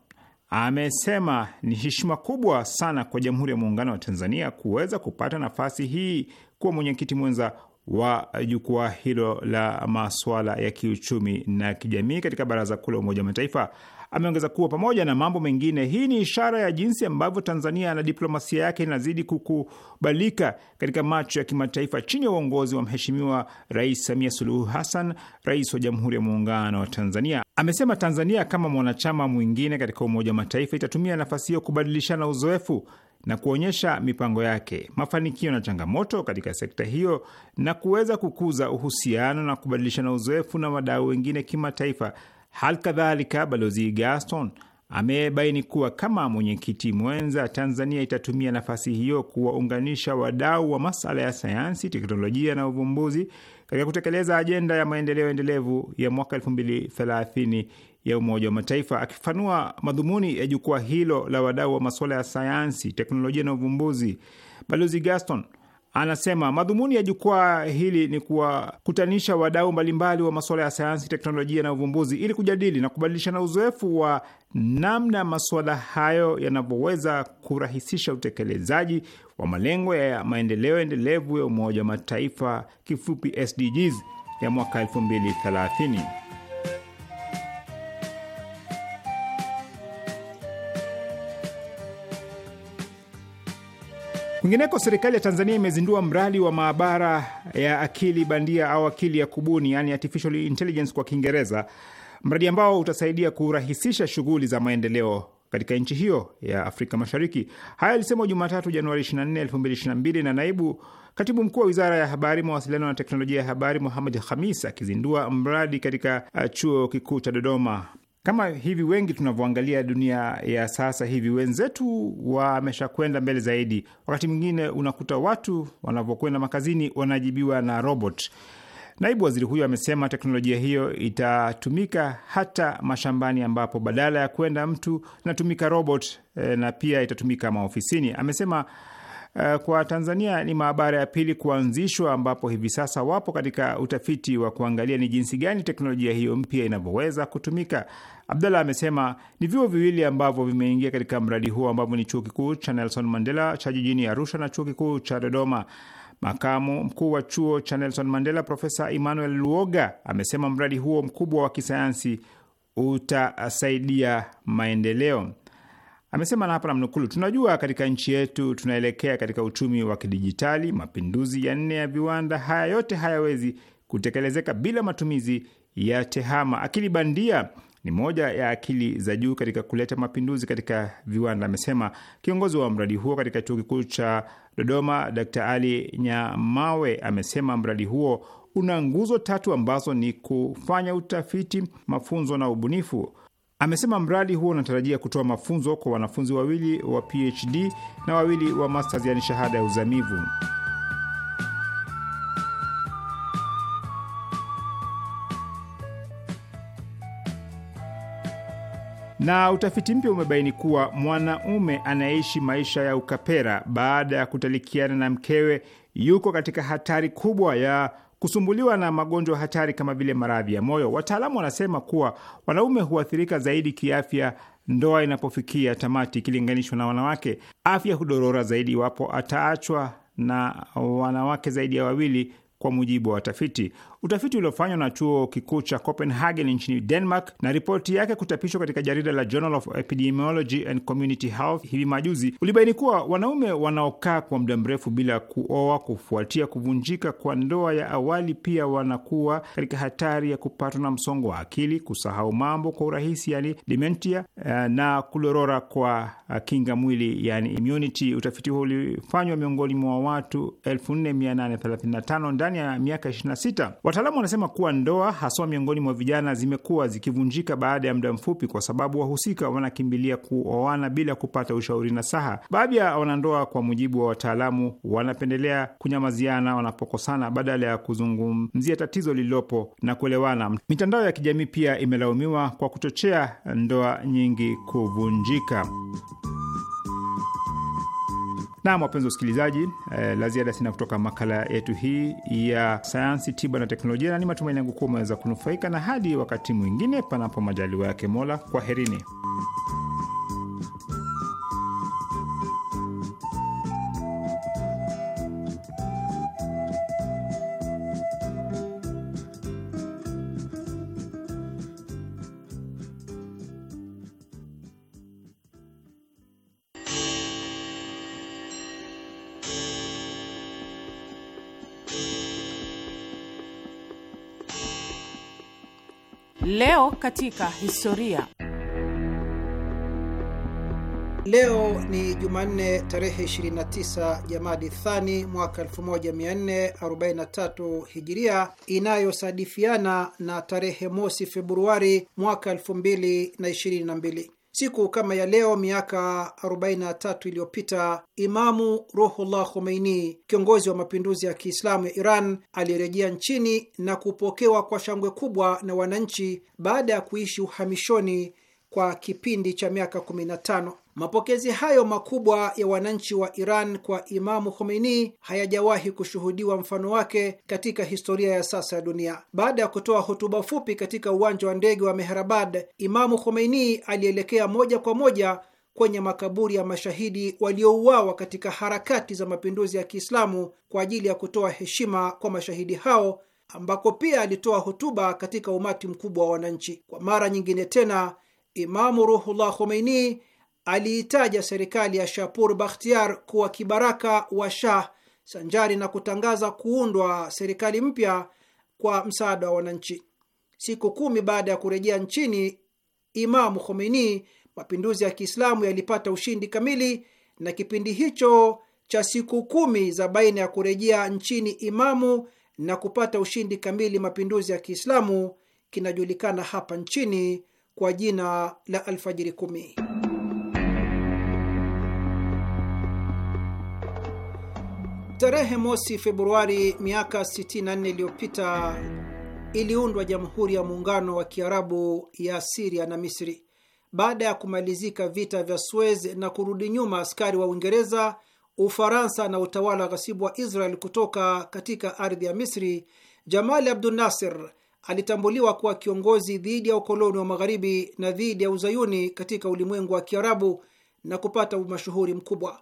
amesema ni heshima kubwa sana kwa Jamhuri ya Muungano wa Tanzania kuweza kupata nafasi hii kuwa mwenyekiti mwenza wa jukwaa hilo la maswala ya kiuchumi na kijamii katika Baraza Kuu la Umoja wa Mataifa. Ameongeza kuwa pamoja na mambo mengine, hii ni ishara ya jinsi ambavyo Tanzania na diplomasia yake inazidi kukubalika katika macho ya kimataifa chini ya uongozi wa Mheshimiwa Rais Samia Suluhu Hassan, Rais wa Jamhuri ya Muungano wa Tanzania. Amesema Tanzania kama mwanachama mwingine katika Umoja wa Mataifa itatumia nafasi hiyo kubadilishana uzoefu na kuonyesha mipango yake, mafanikio na changamoto katika sekta hiyo na kuweza kukuza uhusiano na kubadilishana uzoefu na wadau wengine kimataifa. Hali kadhalika, Balozi Gaston amebaini kuwa kama mwenyekiti mwenza, Tanzania itatumia nafasi hiyo kuwaunganisha wadau wa masuala ya sayansi, teknolojia na uvumbuzi katika kutekeleza ajenda ya maendeleo endelevu ya mwaka elfu mbili thelathini ya Umoja wa Mataifa. Akifanua madhumuni ya jukwaa hilo la wadau wa masuala ya sayansi, teknolojia na uvumbuzi, Balozi Gaston anasema madhumuni ya jukwaa hili ni kuwakutanisha wadau mbalimbali wa masuala ya sayansi, teknolojia na uvumbuzi ili kujadili na kubadilishana uzoefu wa namna masuala hayo yanavyoweza kurahisisha utekelezaji wa malengo ya maendeleo endelevu ya Umoja wa Mataifa, kifupi SDGs, ya mwaka 2030. Kwingineko, serikali ya Tanzania imezindua mradi wa maabara ya akili bandia au akili ya kubuni, yani artificial intelligence kwa Kiingereza, mradi ambao utasaidia kurahisisha shughuli za maendeleo katika nchi hiyo ya Afrika Mashariki. Hayo alisema Jumatatu, Januari 24, 2022 na naibu katibu mkuu wa wizara ya habari, mawasiliano na teknolojia ya habari Muhamed Khamis akizindua mradi katika uh, chuo kikuu cha Dodoma kama hivi wengi tunavyoangalia dunia ya sasa hivi, wenzetu wameshakwenda mbele zaidi. Wakati mwingine unakuta watu wanavyokwenda makazini wanajibiwa na robot. Naibu waziri huyo amesema teknolojia hiyo itatumika hata mashambani ambapo badala ya kwenda mtu inatumika robot, eh, na pia itatumika maofisini. Amesema Eh, kwa Tanzania ni maabara ya pili kuanzishwa, ambapo hivi sasa wapo katika utafiti wa kuangalia ni jinsi gani teknolojia hiyo mpya inavyoweza kutumika. Abdallah amesema ni vyuo viwili ambavyo vimeingia katika mradi huo ambavyo ni chuo kikuu cha Nelson Mandela cha jijini Arusha na chuo kikuu cha Dodoma. Makamu mkuu wa chuo cha Nelson Mandela Profesa Emmanuel Luoga amesema mradi huo mkubwa wa kisayansi utasaidia maendeleo. Amesema na hapa namnukulu, tunajua katika nchi yetu tunaelekea katika uchumi wa kidijitali. Mapinduzi ya nne ya viwanda, haya yote hayawezi kutekelezeka bila matumizi ya tehama. Akili bandia ni moja ya akili za juu katika kuleta mapinduzi katika viwanda, amesema kiongozi wa mradi huo katika chuo kikuu cha Dodoma, Dr. Ali Nyamawe. Amesema mradi huo una nguzo tatu ambazo ni kufanya utafiti, mafunzo na ubunifu. Amesema mradi huo unatarajia kutoa mafunzo kwa wanafunzi wawili wa PhD na wawili wa masters, yani shahada ya uzamivu. Na utafiti mpya umebaini kuwa mwanaume anayeishi maisha ya ukapera baada ya kutalikiana na mkewe yuko katika hatari kubwa ya kusumbuliwa na magonjwa hatari kama vile maradhi ya moyo. Wataalamu wanasema kuwa wanaume huathirika zaidi kiafya ndoa inapofikia tamati ikilinganishwa na wanawake. Afya hudorora zaidi iwapo ataachwa na wanawake zaidi ya wawili, kwa mujibu wa watafiti. Utafiti uliofanywa na chuo kikuu cha Copenhagen nchini Denmark na ripoti yake kuchapishwa katika jarida la Journal of Epidemiology and Community Health hivi majuzi ulibaini kuwa wanaume wanaokaa kwa muda mrefu bila kuoa kufuatia kuvunjika kwa ndoa ya awali pia wanakuwa katika hatari ya kupatwa na msongo wa akili, kusahau mambo kwa urahisi, yani dementia, eh, na kulorora kwa eh, kinga mwili, yani immunity. Utafiti huo ulifanywa miongoni mwa watu 4835 ndani ya miaka 26 Wataalamu wanasema kuwa ndoa haswa miongoni mwa vijana zimekuwa zikivunjika baada ya muda mfupi, kwa sababu wahusika wanakimbilia kuoana bila kupata ushauri na saha. Baadhi ya wanandoa, kwa mujibu wa wataalamu, wanapendelea kunyamaziana wanapokosana badala ya kuzungumzia tatizo lililopo na kuelewana. Mitandao ya kijamii pia imelaumiwa kwa kuchochea ndoa nyingi kuvunjika. Nam, wapenzi wasikilizaji, eh, la ziada sina kutoka makala yetu hii ya sayansi, tiba na teknolojia, na ni matumaini yangu kuwa umeweza kunufaika. Na hadi wakati mwingine, panapo majaliwa yake Mola, kwaherini. Leo katika historia. Leo ni Jumanne tarehe 29 Jamadi Thani mwaka 1443 Hijiria, inayosadifiana na tarehe mosi Februari mwaka 2022. Siku kama ya leo miaka 43 iliyopita Imamu Ruhullah Khomeini, kiongozi wa mapinduzi ya Kiislamu ya Iran, alirejea nchini na kupokewa kwa shangwe kubwa na wananchi baada ya kuishi uhamishoni kwa kipindi cha miaka 15. Mapokezi hayo makubwa ya wananchi wa Iran kwa Imamu Khomeini hayajawahi kushuhudiwa mfano wake katika historia ya sasa ya dunia. Baada ya kutoa hotuba fupi katika uwanja wa ndege wa Mehrabad, Imamu Khomeini alielekea moja kwa moja kwenye makaburi ya mashahidi waliouawa katika harakati za mapinduzi ya Kiislamu kwa ajili ya kutoa heshima kwa mashahidi hao, ambako pia alitoa hotuba katika umati mkubwa wa wananchi. Kwa mara nyingine tena Imamu Ruhullah Khomeini aliitaja serikali ya Shapur Bakhtiar kuwa kibaraka wa Shah sanjari na kutangaza kuundwa serikali mpya kwa msaada wa wananchi. Siku kumi baada ya kurejea nchini Imamu Khomeini, mapinduzi ya Kiislamu yalipata ushindi kamili, na kipindi hicho cha siku kumi za baina ya kurejea nchini Imamu na kupata ushindi kamili mapinduzi ya Kiislamu kinajulikana hapa nchini kwa jina la Alfajiri Kumi. Tarehe mosi Februari miaka 64 iliyopita iliundwa Jamhuri ya Muungano wa Kiarabu ya Siria na Misri baada ya kumalizika vita vya Suez na kurudi nyuma askari wa Uingereza, Ufaransa na utawala ghasibu wa Israel kutoka katika ardhi ya Misri. Jamali abdunaser alitambuliwa kuwa kiongozi dhidi ya ukoloni wa Magharibi na dhidi ya uzayuni katika ulimwengu wa Kiarabu na kupata umashuhuri mkubwa.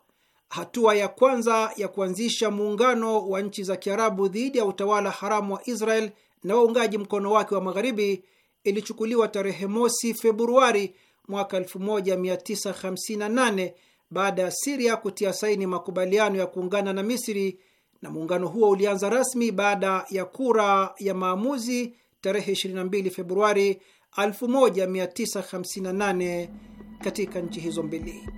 Hatua ya kwanza ya kuanzisha muungano wa nchi za Kiarabu dhidi ya utawala haramu wa Israel na waungaji mkono wake wa Magharibi ilichukuliwa tarehe mosi Februari mwaka 1958 baada ya Siria kutia saini makubaliano ya kuungana na Misri na muungano huo ulianza rasmi baada ya kura ya maamuzi tarehe 22 Februari 1958 katika nchi hizo mbili.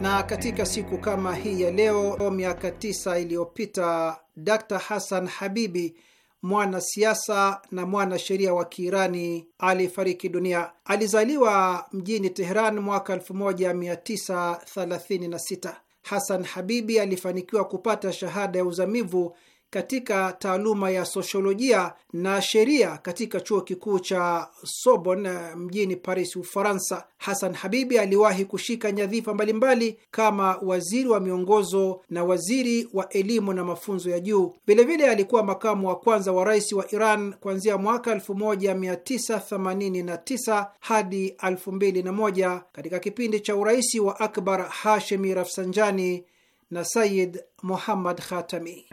Na katika siku kama hii ya leo miaka tisa iliyopita Dr. Hassan Habibi mwanasiasa na mwanasheria wa Kiirani alifariki dunia. Alizaliwa mjini Teheran mwaka 1936. Hasan Habibi alifanikiwa kupata shahada ya uzamivu katika taaluma ya sosiolojia na sheria katika chuo kikuu cha Sorbonne eh, mjini Paris, Ufaransa. Hassan Habibi aliwahi kushika nyadhifa mbalimbali kama waziri wa miongozo na waziri wa elimu na mafunzo ya juu. Vilevile alikuwa makamu wa kwanza wa rais wa Iran kuanzia mwaka 1989 hadi 2001 katika kipindi cha uraisi wa Akbar Hashemi Rafsanjani na Sayid Muhammad Khatami.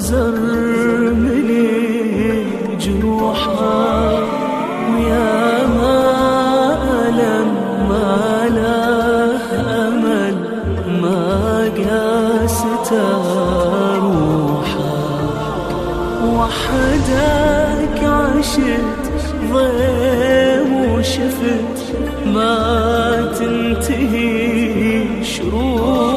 زر جروحها ويا ما ألم أمل ما وحدك عشت ضيم وشفت ما تنتهي شروحك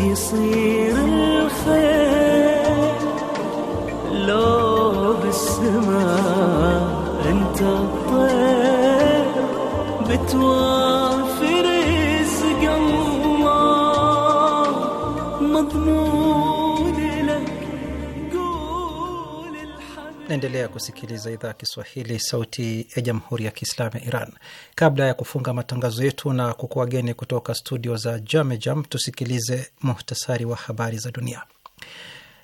يصير الخير لو بالسما انت الطير بتوالي Unaendelea kusikiliza idhaa Kiswahili, sauti ya jamhuri ya kiislamu ya Iran. Kabla ya kufunga matangazo yetu na kukuageni kutoka studio za Jamejam, tusikilize muhtasari wa habari za dunia.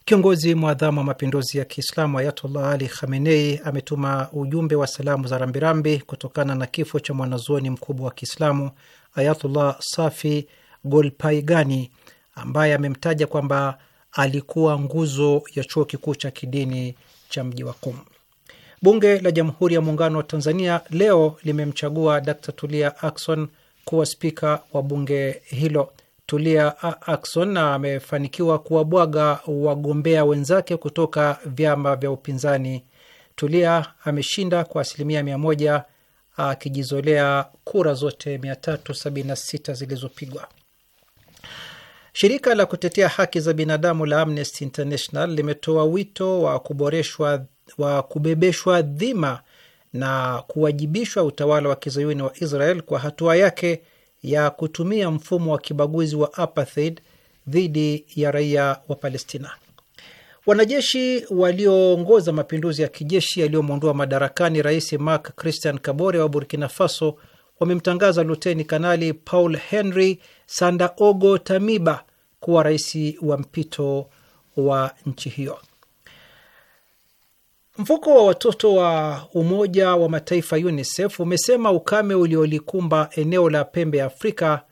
Kiongozi mwadhamu wa mapinduzi ya Kiislamu Ayatullah Ali Khamenei ametuma ujumbe wa salamu za rambirambi kutokana na kifo cha mwanazuoni mkubwa wa Kiislamu Ayatullah Safi Golpaigani ambaye amemtaja kwamba alikuwa nguzo ya chuo kikuu cha kidini cha mji wa Kum. Bunge la Jamhuri ya Muungano wa Tanzania leo limemchagua d Tulia Akson kuwa spika wa bunge hilo. Tulia Akson amefanikiwa kuwabwaga wagombea wenzake kutoka vyama vya upinzani. Tulia ameshinda kwa asilimia mia moja akijizolea kura zote 376 zilizopigwa. Shirika la kutetea haki za binadamu la Amnesty International limetoa wito wa kuboreshwa, wa kubebeshwa dhima na kuwajibishwa utawala wa kizayuni wa Israel kwa hatua yake ya kutumia mfumo wa kibaguzi wa apartheid dhidi ya raia wa Palestina. Wanajeshi walioongoza mapinduzi ya kijeshi yaliyomwondoa madarakani rais Marc Christian Kabore wa Burkina Faso wamemtangaza luteni kanali Paul Henry Sandaogo Tamiba kuwa rais wa mpito wa nchi hiyo. Mfuko wa watoto wa Umoja wa Mataifa UNICEF umesema ukame uliolikumba eneo la pembe ya Afrika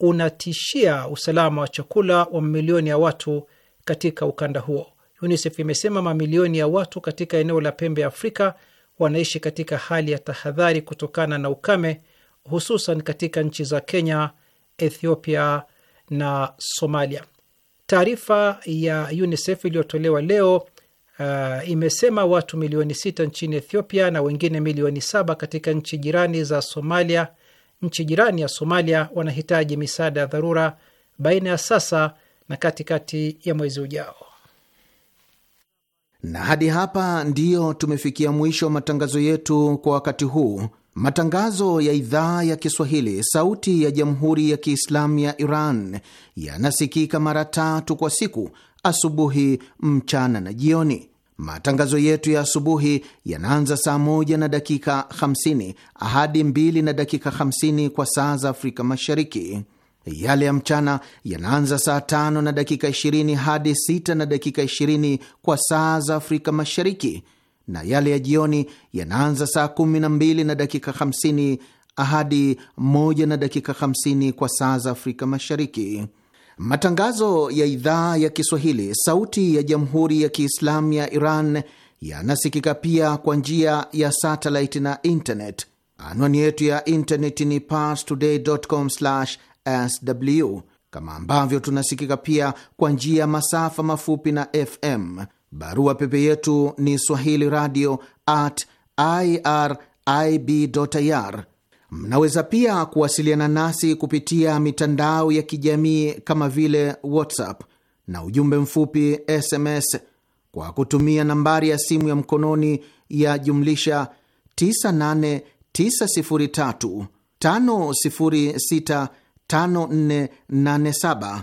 unatishia usalama wa chakula wa mamilioni ya watu katika ukanda huo. UNICEF imesema mamilioni ya watu katika eneo la pembe ya Afrika wanaishi katika hali ya tahadhari kutokana na ukame hususan katika nchi za Kenya, Ethiopia na Somalia. Taarifa ya UNICEF iliyotolewa leo uh, imesema watu milioni sita nchini Ethiopia na wengine milioni saba katika nchi jirani za Somalia, nchi jirani ya Somalia wanahitaji misaada ya dharura baina ya sasa na katikati ya mwezi ujao. Na hadi hapa ndiyo tumefikia mwisho wa matangazo yetu kwa wakati huu. Matangazo ya idhaa ya Kiswahili, sauti ya jamhuri ya kiislamu ya Iran yanasikika mara tatu kwa siku: asubuhi, mchana na jioni. Matangazo yetu ya asubuhi yanaanza saa moja na dakika 50 hadi mbili na dakika 50 kwa saa za Afrika Mashariki. Yale ya mchana yanaanza saa tano na dakika 20 hadi sita na dakika 20 kwa saa za Afrika Mashariki na yale ya jioni yanaanza saa kumi na mbili na dakika hamsini hadi moja na dakika hamsini kwa saa za Afrika Mashariki. Matangazo ya idhaa ya Kiswahili sauti ya Jamhuri ya Kiislamu ya Iran yanasikika pia kwa njia ya satellite na internet. Anwani yetu ya internet ni parstoday.com/sw, kama ambavyo tunasikika pia kwa njia masafa mafupi na FM. Barua pepe yetu ni swahili radio at irib ir. Mnaweza pia kuwasiliana nasi kupitia mitandao ya kijamii kama vile WhatsApp na ujumbe mfupi SMS kwa kutumia nambari ya simu ya mkononi ya jumlisha 989035065487